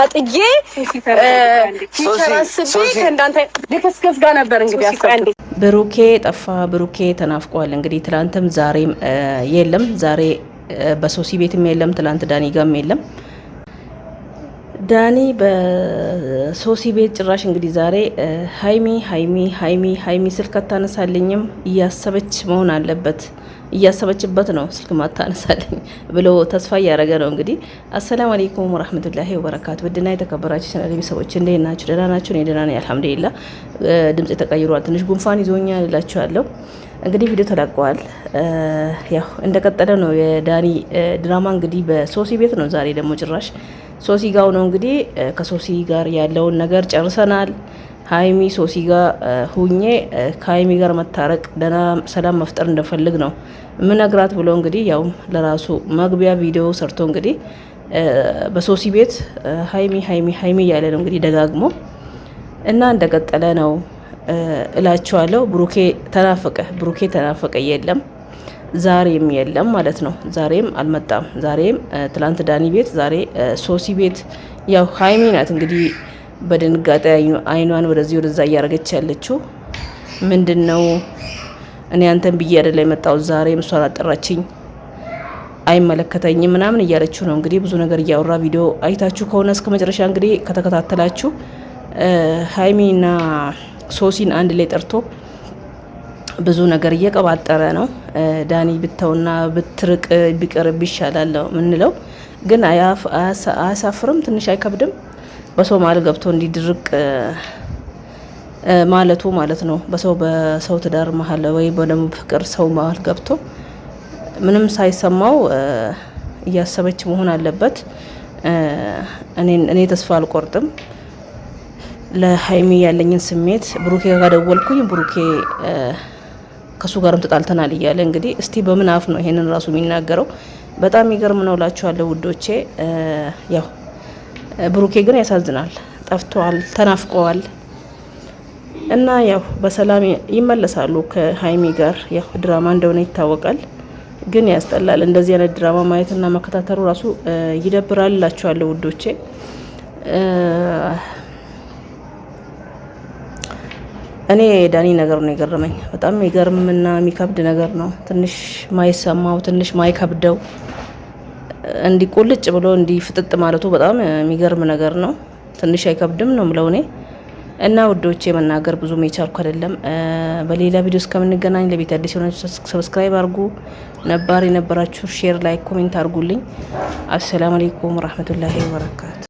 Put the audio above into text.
አቃጥዬ ፊቸራስቤ ከእንዳንተ ልክስክስ ጋር ነበር እንግዲህ ያሰብኩት። ብሩኬ ጠፋ፣ ብሩኬ ተናፍቋል። እንግዲህ ትላንትም ዛሬም የለም። ዛሬ በሶሲ ቤትም የለም፣ ትላንት ዳኒ ጋም የለም። ዳኒ በሶሲ ቤት ጭራሽ እንግዲህ ዛሬ ሀይሚ ሀይሚ ሀይሚ ሀይሚ ስልክ አታነሳልኝም እያሰበች መሆን አለበት እያሰበችበት ነው ስልክ ማታነሳልኝ ብሎ ተስፋ እያደረገ ነው። እንግዲህ አሰላሙ አለይኩም ወራህመቱላሂ ወበረካቱ። ውድና የተከበራችሁ ቻናል ቤተሰቦች እንዴት ናችሁ? ደህና ናችሁ? እኔ ደህና ነኝ አልሐምዱሊላህ። ድምጽ ተቀይሯል። ትንሽ ጉንፋን ይዞኛል እላችኋለሁ። እንግዲህ ቪዲዮ ተለቀዋል። ያው እንደቀጠለ ነው የዳኒ ድራማ እንግዲህ በሶሲ ቤት ነው። ዛሬ ደግሞ ጭራሽ ሶሲ ጋው ነው እንግዲህ ከሶሲ ጋር ያለውን ነገር ጨርሰናል። ሀይሚ ሶሲ ጋር ሁኜ ከሀይሚ ጋር መታረቅ ደህና ሰላም መፍጠር እንደፈልግ ነው ምነግራት ብሎ እንግዲህ ያው ለራሱ መግቢያ ቪዲዮ ሰርቶ እንግዲህ በሶሲ ቤት ሀይሚ ሀይሚ ሀይሚ እያለ ነው እንግዲህ ደጋግሞ እና እንደቀጠለ ነው እላቸዋለሁ። ብሩኬ ተናፈቀ፣ ብሩኬ ተናፈቀ። የለም ዛሬም የለም ማለት ነው። ዛሬም አልመጣም። ዛሬም ትላንት ዳኒ ቤት፣ ዛሬ ሶሲ ቤት። ያው ሀይሚ ናት እንግዲህ በድንጋጤ አይኗን ወደዚህ ወደዛ እያደረገች ያለችው ምንድን ነው? እኔ አንተን ብዬ አይደለ የመጣሁት ዛሬም እሷን አጠራችኝ አይመለከተኝም ምናምን እያለችው ነው እንግዲህ ብዙ ነገር እያወራ ቪዲዮ አይታችሁ ከሆነ እስከ መጨረሻ እንግዲህ ከተከታተላችሁ ሀይሚና ሶሲን አንድ ላይ ጠርቶ ብዙ ነገር እየቀባጠረ ነው። ዳኒ ብተውና ብትርቅ ቢቀርብ ይሻላል ምንለው ግን አያሳፍርም? ትንሽ አይከብድም? በሰው መሀል ገብቶ እንዲድርቅ ማለቱ ማለት ነው። በሰው በሰው ትዳር መሀል ወይ ደግሞ ፍቅር ሰው መሀል ገብቶ ምንም ሳይሰማው እያሰበች መሆን አለበት። እኔ ተስፋ አልቆርጥም። ለሀይሚ ያለኝን ስሜት ብሩኬ ጋር ደወልኩኝ። ብሩኬ ከሱ ጋርም ተጣልተናል እያለ እንግዲህ እስቲ በምን አፍ ነው ይሄንን ራሱ የሚናገረው? በጣም ይገርም ነው ላችኋለሁ ውዶቼ። ያው ብሩኬ ግን ያሳዝናል፣ ጠፍተዋል፣ ተናፍቀዋል እና ያው በሰላም ይመለሳሉ ከሀይሚ ጋር። ያው ድራማ እንደሆነ ይታወቃል፣ ግን ያስጠላል። እንደዚህ አይነት ድራማ ማየትና መከታተሉ ራሱ ይደብራል ላችኋለሁ ውዶቼ። እኔ ዳኒ ነገር ነው የገረመኝ። በጣም የሚገርምና የሚከብድ ነገር ነው። ትንሽ ማይሰማው ትንሽ ማይከብደው እንዲቆልጭ ብሎ እንዲፍጥጥ ማለቱ በጣም የሚገርም ነገር ነው። ትንሽ አይከብድም ነው ምለው እኔ እና ውዶቼ መናገር ብዙ የቻልኩ አይደለም። በሌላ ቪዲዮ እስከምንገናኝ ለቤት አዲስ የሆነ ሰብስክራይብ አርጉ ነባር የነበራችሁ ሼር፣ ላይክ፣ ኮሜንት አድርጉልኝ። አሰላሙ አሌይኩም ረህመቱላሂ ወበረካቱ